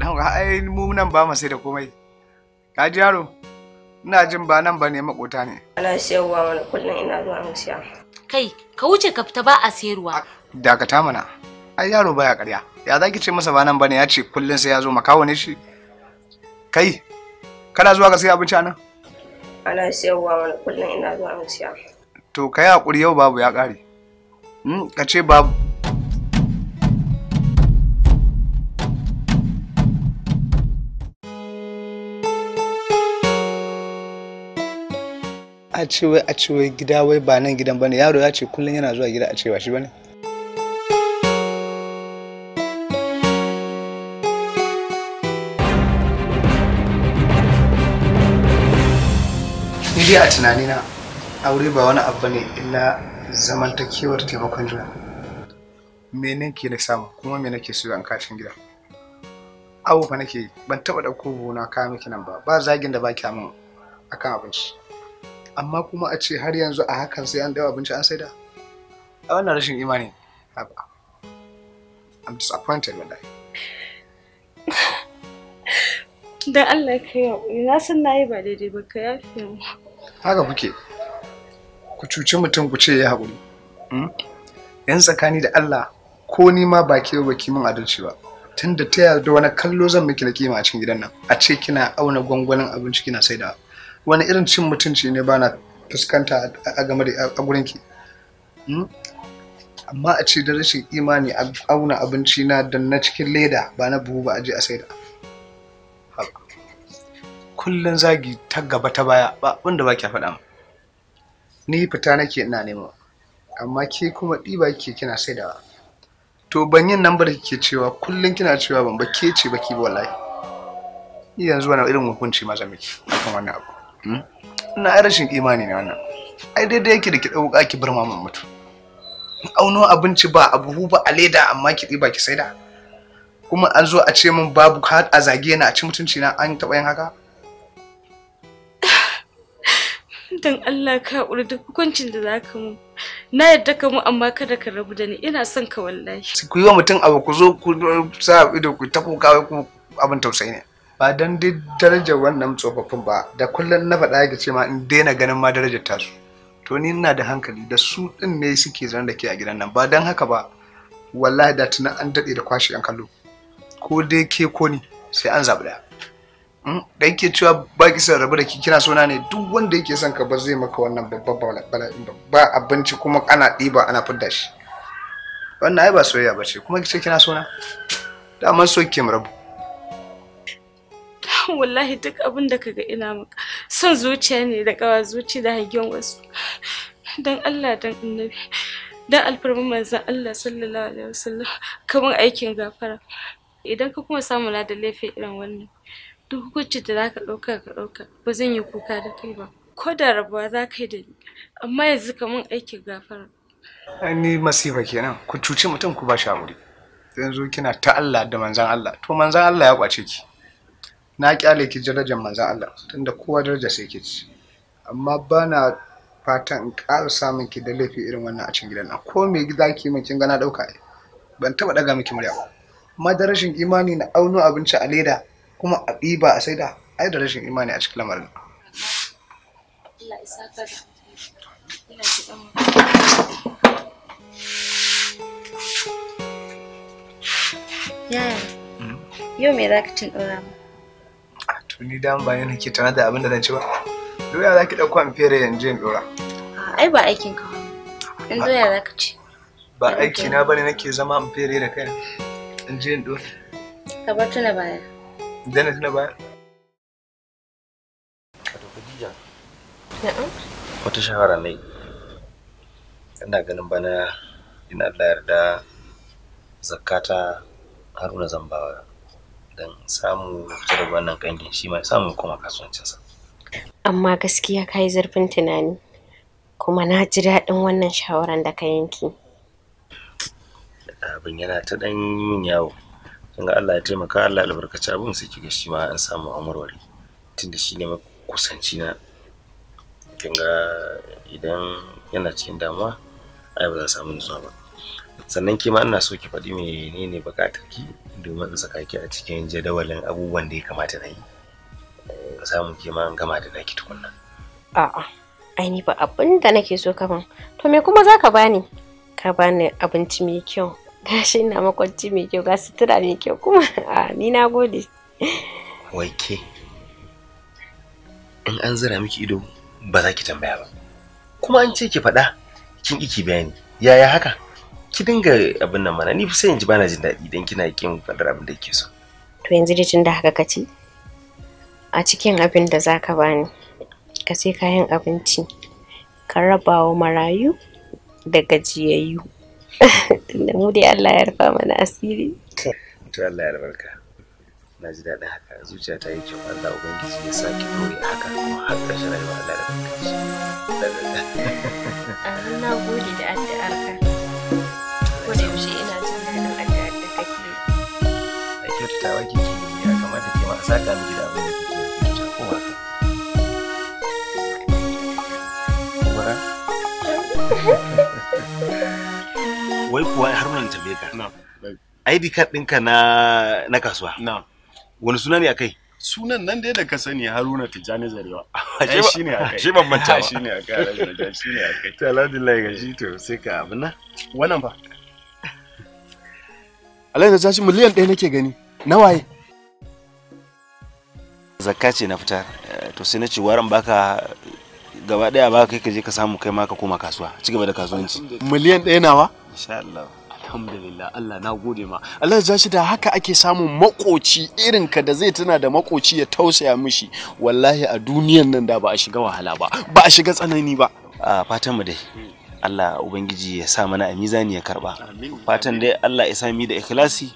Dan ai mu nan ba mu sai da komai. Ka ji yaro? Ina jin ba nan ba ne makota ne. Ana sayarwa mana kullum ina zuwa mu siya. Kai, ka wuce ka fita ba a sayarwa. Dakata mana. Ai yaro baya ƙarya. Ya za ki ce masa ba nan ba ne ya ce kullum sai ya zo makawo ne shi. Kai, kana zuwa ka sai abinci a nan? Ana sayarwa mana kullum ina zuwa mu siya. To kai hakuri yau babu ya ƙare. Hmm, ka ce babu a ce wai a ce wai gida wai ba nan gidan bane yaro ya ce kullum yana zuwa gida a ce ba shi bane ni dai a tunanina aure ba wani abu ne illa zamantakewar taimakon juna me ke na samu kuma me nake so an kashin gida abu fa nake ban taba dauko buhuna kaya miki nan ba ba zagin da ba baki min akan abinci amma kuma a ce har yanzu a hakan sai an dawo abinci an saida a wannan rashin imani haba i'm disappointed that dan Allah ka yi na san nayi ba daidai ba ka yafe mu haka kuke ku cuci mutum ku ce ya haƙuri hmm? yan tsakani da Allah ko ni ma ba ke ba min adalci ba tunda ta yarda wani kallo zan miki na kima a cikin gidan nan a ce kina auna gwangwanin abinci kina saidawa wani irin cin mutunci ne bana fuskanta a game da a gurinki hmm? amma a ce da rashin imani a auna abinci na da na cikin leda ba na buhu ba a je a saida kullun zagi ta gaba ta baya ba wanda ba kya faɗa ni fita nake ina nema amma ke kuma ɗiba ke kina saidawa to ban yin nan da kike cewa kullun kina cewa ban ba ke ce ba ba wallahi yanzu wani irin hukunci ma zan miki akan wannan abu Hmm? na rashin imani ne wannan ai daidai yake da ki ɗauka ki bar maman mutu auno abinci ba abu ba a leda amma ki diba ki saida kuma an zo a ce min babu ka a zage na a ci mutunci na an taɓa yin haka dan Allah ka haƙuri duk hukuncin da za ka mu na yadda ka mu amma kada ka rabu da ni ina son ka wallahi ku yi wa mutum abu ku zo ku sa ido ku ku abin tausayi ne ba dan duk darajar wannan tsofaffin ba da kullum na faɗa ya ce ma in daina ganin ma darajar ta su, to ni ina da hankali da su din ne suke zan da ke a gidan nan ba dan haka ba wallahi da tunan an daɗe da kwashe yan kallo ko dai ke ko ni sai an zaɓi da hmm? da yake cewa ba ki son rabu da ki kina sona ne duk wanda yake son ka ba zai maka wannan babban bala'in ba abinci kuma ana ɗiba ana fidda shi wannan ai ba soyayya ba ce kuma ki ce kina sona da amma so ke rabu wallahi duk abin da kaga ina maka son zuciya ne da kawa zuci da hagen wasu dan Allah dan annabi dan alfarmin manzon Allah sallallahu alaihi wasallam kamar aikin gafara idan ka kuma samu da laifin irin wannan duk hukunci da zaka dauka ka dauka ba zan yi kuka da kai ba ko da rabuwa za ka yi da ni amma yanzu kamar aikin gafara ni masifa kenan ku cuci mutum ku ba shi amuri yanzu kina ta Allah da manzan Allah to manzan Allah ya kwace ki na kyale ki darajar manzan Allah tunda kowa daraja sai ke ci amma bana fatan in ƙara samun ki da laifi irin wannan a cikin gidan nan ko me za ki min kin ga na dauka ban taba daga miki murya ba amma da rashin imani na auno abinci a leda kuma a ɗiba a saida ai da rashin imani a cikin lamarin Allah Yaya, hmm? yau me za ka cin ɗora to ni dan ba ne nake tana da abin da zan ci ba doya za ki ɗauko an fere yanzu in ɗora ai ba aikin ka in doya za ka ci ba aiki na bane nake zama an fere da kai in je in ɗora ka bar tuna baya dana tuna baya wata shahara ne ina ganin bana ina Allah yarda zakata haruna zambawa dan samu fitar wannan kangin shi ma samu kuma kasuwancinsa amma gaskiya ka yi zurfin tunani kuma na ji daɗin wannan shawaran da ka yanki abin yana ta ɗan yin yawo kin ga Allah ya taimaka Allah albarkaci abin su kiga shi ma an samu amurwari tunda shi ne kusanci na kin ga idan yana cikin damuwa ai ba za samu nutsuwa ba sannan kima ina so ki faɗi menene buƙatar ki domin in saka ki a cikin jadawalin abubuwan da ya kamata na yi eh, samu kima in gama da na naki tukunna a'a aini ba abin da nake so ka ban to me kuma zaka bani ka bani abinci mai kyau gashi ina makwanci mai kyau ga sutura mai kyau kuma a ni na gode wai ke in an zira miki ido ba za ki tambaya ba kuma an ce ki faɗa kin iki bayani yaya haka ki dinga abin nan mana ni fa sai in ji bana jin daɗi idan kina kin faɗar abin da kike so to yanzu dai tunda haka ka ci a cikin abin da zaka bani ka sai kayan abinci ka raba wa marayu da gajiyayyu da mu dai Allah ya rufa mana asiri to Allah ya albarka na ji daɗin haka zuciya ta yi kyau Allah ubangiji ya saki dore haka kuma har ƙarshen rayuwa Allah da barka shi na gode da addu'arka ko da yaushe ina jin daɗin addu'ar da kake ne a kyautatawa kike ya kamata ke ma a saka miki da abin da kike kyautata ko ba ka gura wai kuwa har mun tambaye ka ID card ɗinka na na kasuwa wani suna ne ne sunan nan dai da ka sani haruna tijjani zarewa ai shi ne kai shi ban manta shi ne kai shi ne akai to alhamdulillah ga shi to sai ka abuna wannan fa alayin da shi miliyan ɗaya nake gani na waye zakka ce na fitar eh, to sai na ce waran baka gaba daya ba kai ka je ka samu kai ma ka koma kasuwa ci gaba da kasuwanci miliyan ɗaya nawa insha Allah alhamdulillah Allah na gode ma Allah ya da haka ake samun makoci irin ka da zai tana da makoci ya tausaya mishi wallahi a duniyan nan da ba a shiga wahala ba ba a shiga tsanani ba a fatan mu dai Allah Ubangiji ya sa mana a mizani ya karba fatan dai Allah ya sami da ikhlasi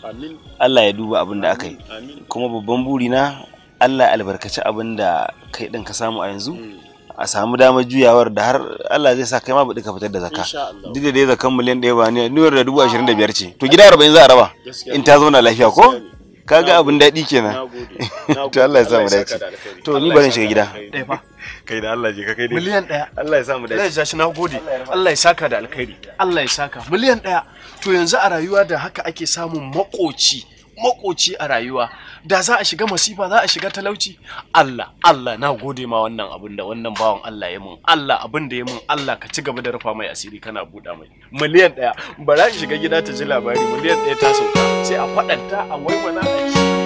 Allah ya duba abin da aka yi kuma babban burina Allah albarkaci abin da kai ɗin ka samu a yanzu hmm. a samu damar juyawar da har Allah zai sa kai ma baɗi ka fitar da zaka duk da dai zakan miliyan ɗaya ba ne niyyar da dubu ashirin da biyar ce to gida arba'in za a raba in ta zauna lafiya ko kaga abin daɗi kenan to Allah ya sa mu dace to ni zan shiga gida kai da Allah ji ka kai da miliyan daya Allah ya sa mu Allah ya shi na gode Allah ya saka da alkhairi Allah ya saka miliyan daya to yanzu a rayuwa da haka ake samun makoci makoci a rayuwa da za a shiga masifa za a shiga talauci Allah Allah na gode ma wannan abin da wannan bawan Allah ya mun Allah abin da ya mun Allah ka ci gaba da rufa mai asiri kana buɗa mai miliyan ɗaya ba za shiga gida ta ji labari miliyan ɗaya ta sauka sai a faɗanta a waiwana a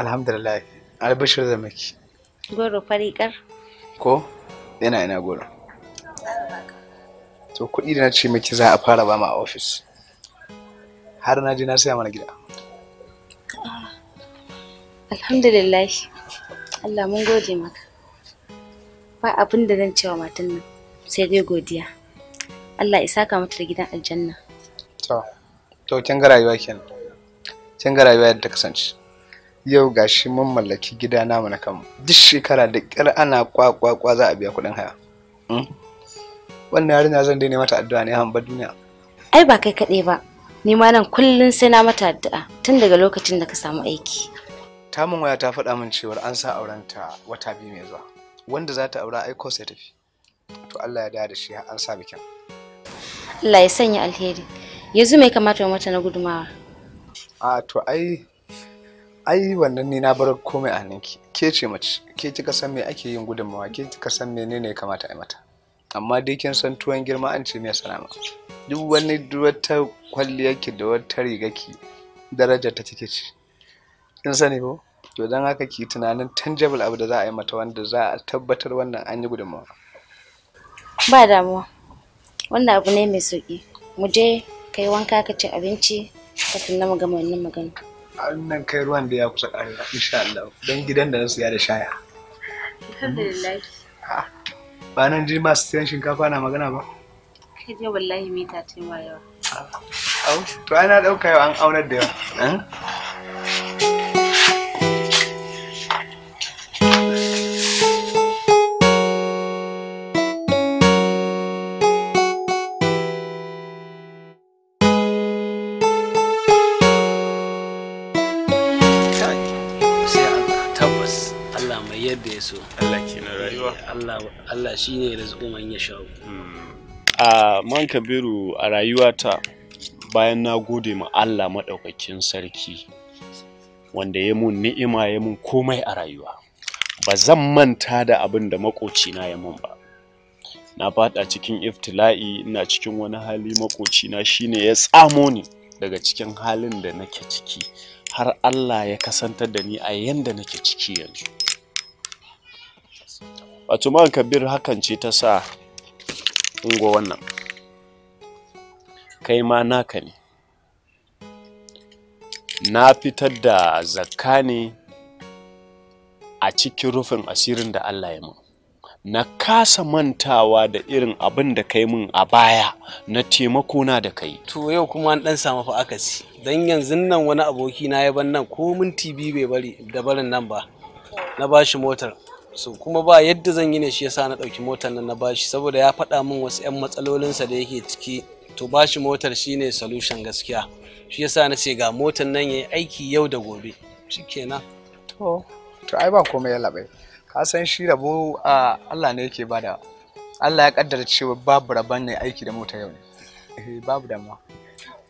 alhamdulillah albashir da maki goro farikar ko yana ina goro to kuɗi da na ce maki za a fara ba ma a ofis har na je na saya mana gida ah, alhamdulillah Allah mun gode maka ba abin da zan cewa matan nan sai dai godiya Allah ya saka mata da gidan aljanna to to kin ga rayuwa kenan kin ga rayuwa yadda ta kasance yau gashi mun mallaki gida namu na kanmu duk shekara da ƙyar ana kwakwakwa za a biya kuɗin haya hmm? wannan yarinya zan daina mata addu'a ne hamba duniya ai ba kai kaɗai ba ni ma nan kullun sai na mata addu'a tun daga lokacin da ka samu aiki ta mun waya ta faɗa min cewar an sa aurenta wata biyu mai zuwa wanda za ta aura aiko sai tafi to Allah ya da shi an sa bikin Allah ya sanya alheri yanzu mai kamata mata na gudumawa a to ai ai wannan ni na bar komai a hannunki ke ce mace ke kika san me ake yin gudunmawa ke kika san menene ya kamata a yi mata amma dai kin san tuwon girma an ce me salama duk wani wata kwalliyarki da wata ki, darajar ta take ce kin sani ko to don haka ki tunanin tangible abu da za a yi mata wanda za a tabbatar wannan an yi gudunmawa ba damuwa wannan abu ne mai sauki mu je kai wanka ka ci abinci kafin na gama wannan magana nan kai ruwan da ya kusa karewa, insha Allah don gidan da na siya da shaya. Alhamdulillah. Ah, ba nan ji masu siyan shinkafa na magana ba. Kai je wallahi mita ta ma yawa. Ah, to ana ɗauka yau an aunar da yawa. Eh? Allah man shawo. a man kabiru a rayuwata bayan na gode ma Allah maɗaukakin sarki wanda ya mun ni'ima ya mun komai a rayuwa ba zan manta da abin da makocina ya mun ba na fada cikin iftila'i ina cikin wani hali shi ne ya tsamo ni daga cikin halin da nake ciki har Allah ya kasantar da ni a yanda nake ciki yanzu wato man kabir hakan ce ta sa ungo wannan kai ma naka ne na fitar da zakka ne a cikin rufin asirin da Allah ya mun na kasa mantawa da irin abin da kai mun a baya na taimako na da kai to yau kuma an dan samu fa akasi dan yanzu nan wani aboki na ya ban nan ko minti biyu bai bari da barin nan ba na bashi motar so kuma ba yadda zan yi ne shi yasa na ɗauki motar nan na bashi saboda ya faɗa min wasu 'yan matsalolinsa da yake ciki to bashi motar shine solution gaskiya shi yasa na ce ga motar nan yayi aiki yau da gobe shikenan to to ai ba komai ya labai ka san shi rabo a Allah ne yake bada Allah ya kaddara cewa babu rabon ne aiki da mota yau ne eh, babu dama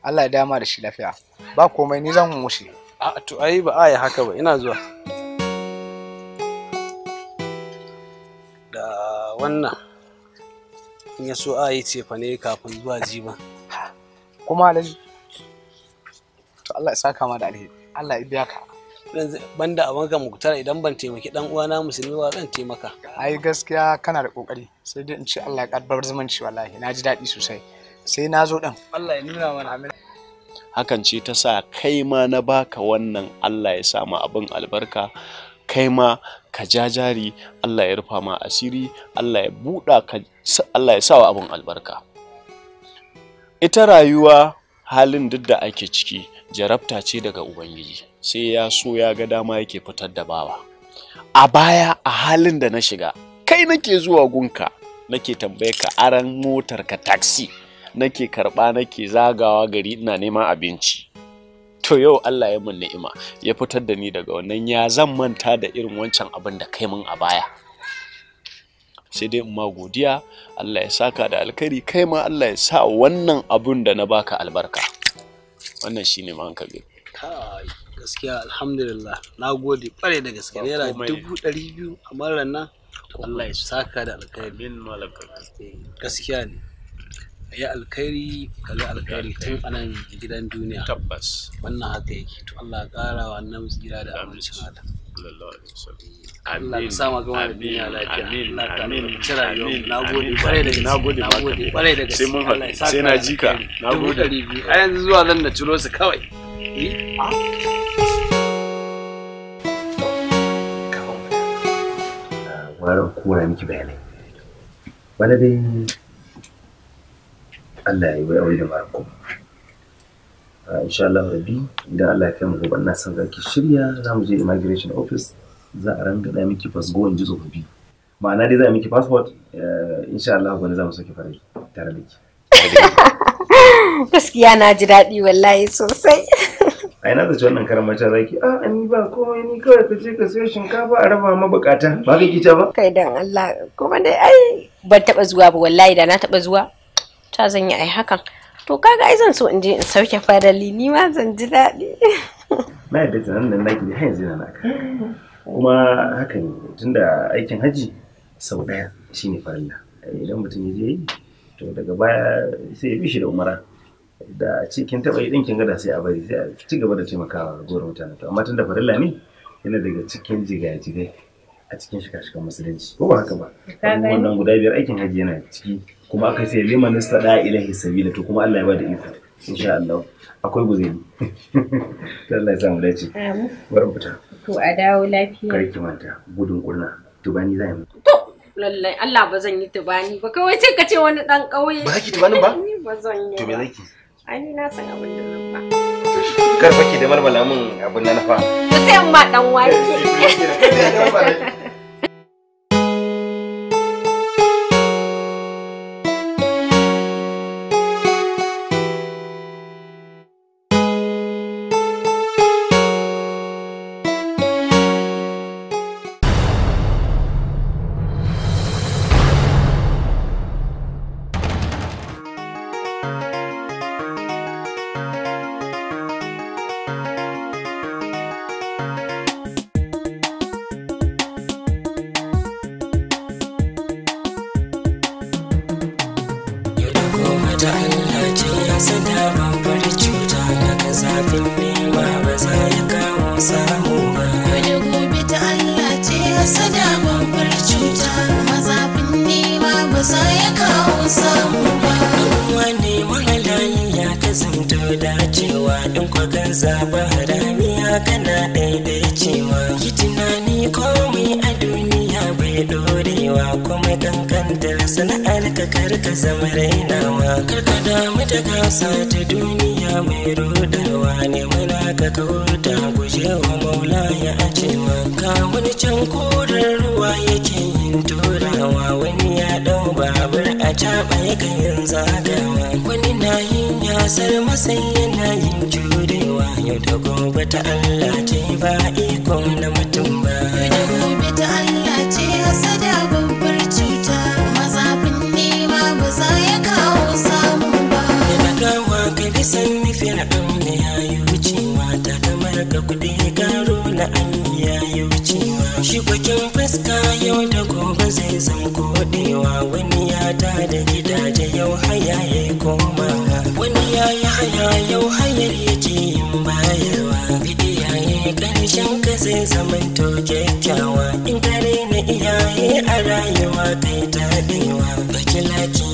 Allah ya dama da shi lafiya ba komai ni zan wuce a to ai ba ai haka ba ina zuwa wannan in ya so a yi cefa ne kafin zuwa jiba kuma alhaji to Allah ya saka ma da alheri Allah ya biya ka banda abin ka muktar idan ban taimaki dan uwana musulmi ba zan taimaka ai gaskiya kana da kokari sai dai in ce Allah ya karbar zumunci wallahi na ji daɗi sosai sai na zo dan Allah ya nuna mana amin hakan ce ta sa kai ma na baka wannan Allah ya samu abin albarka kai ma ka ja jari Allah ya rufa ma asiri Allah ya buɗa ka Allah ya sawa abin albarka ita rayuwa halin duk da ake ciki jarabta ce daga ubangiji sai ya so ya ga dama yake fitar da bawa a baya a halin da na shiga kai nake zuwa gunka nake tambaye ka aran motar ka taxi nake karba nake zagawa gari ina neman abinci to yau Allah ya mun ni'ima ya fitar da ni daga wannan ya zan manta da irin wancan abin da kai mun a baya sai dai ma godiya Allah ya saka da alkhairi kai ma Allah ya sa wannan abun da na baka albarka wannan shine ma ka gani gaskiya alhamdulillah na gode kware da gaskiya naira dubu ɗari biyu a marar nan Allah ya saka da alkhairi eh, gaskiya ne ya alkhairi kala alkhairi tun anan gidan duniya tabbas wannan haka yake to Allah ya kara wa annabi tsira da shi Allah Allah ya sama ga da duniya lafiya Allah ya tsira yau nagode kwarai da nagode nagode kwarai da gaske sai mun sai na jika nagode a yanzu zuwa zan da ciro su kawai eh, Wani kura miki bayanai. Wani dai Allah ya yi aure mara marko ah, insha Allah rabi idan Allah ya kai mu gobe na san zaki shirya za mu je immigration office za a ranga da miki fasgo in ji tsofaffi ma'ana dai za a miki passport eh, insha Allah gobe za mu saki fara tare da ki gaskiya na ji daɗi wallahi sosai a yana zaci wannan wannan karamacin zaki a ah, ni ba komai ni kawai ka je ka siyo shinkafa a raba ma bukata ba ka ta ba kai dan Allah kuma dai ai ban taba zuwa ba wallahi da na taba zuwa ta zan yi ai hakan to kaga ai zan so in je in sauke fadali ni ma zan ji daɗi na yadda nan da nake har yanzu na naka kuma hakan tunda aikin haji sau ɗaya shine farilla eh, idan mutum ya je yi to daga baya sai ya bi shi da umara da cikin taɓa yi ɗinkin gada sai a bari sai a ci gaba da taimakawa goron mutane to amma tunda farilla ne yana daga cikin jigajigai a cikin shika-shikan musulunci ko ba haka ba wannan guda biyar aikin haji yana ciki kuma aka ce liman nista da ilahi sabila to kuma Allah ya bada iko insha Allah akwai guzuri Allah ya samu dace bari fita to a dawo lafiya karki ki manta gudun kurna tubani zai mu to lallai Allah ba zan yi tubani ba kawai ce ka ce wani dan kauye ba ki tubanin ba ba zan yi to me zaki ai ni na san abin da zan ba karfa ki da marmala min abin na nafa sai ba dan wake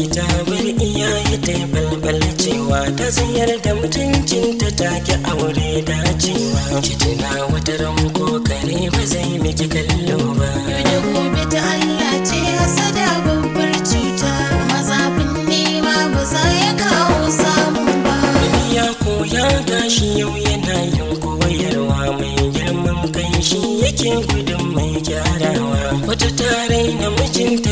ita wani iyaye ta yi balbal cewa ta ziyar da mutuncinta ta ki aure dacewa ki tuna wata ran kokare ba zai miki kallo ba da gobe ta Allah ce hasada babbar cuta mazafin nema ba za ya kawo samu ba ya koya gashi yau yana yin koyarwa mai girman kan shi yake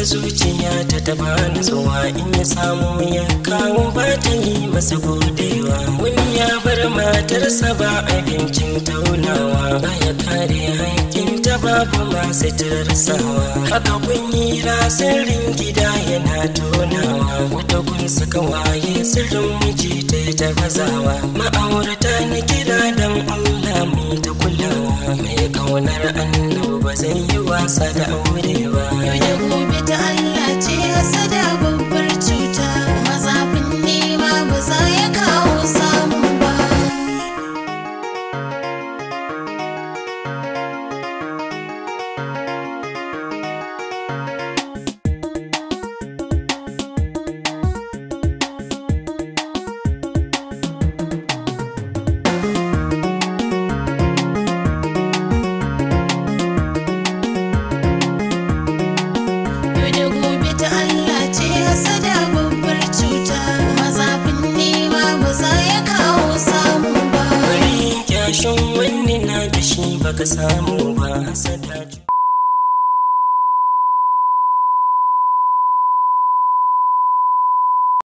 zuciya ta taba nutsuwa in ya samu ya kawo ba ta yi masa godewa wani ya bar matarsa ba abincin taunawa ba ya kare haƙƙin ta babu masu tarsawa haka kun yi sirrin gida yana tonawa wata kun suka waye sirrin miji ta ta bazawa ma'aurata na kira don Allah mai ta kulawa mai kaunar annoba zai yi wasa da aure ba ce hasada gobe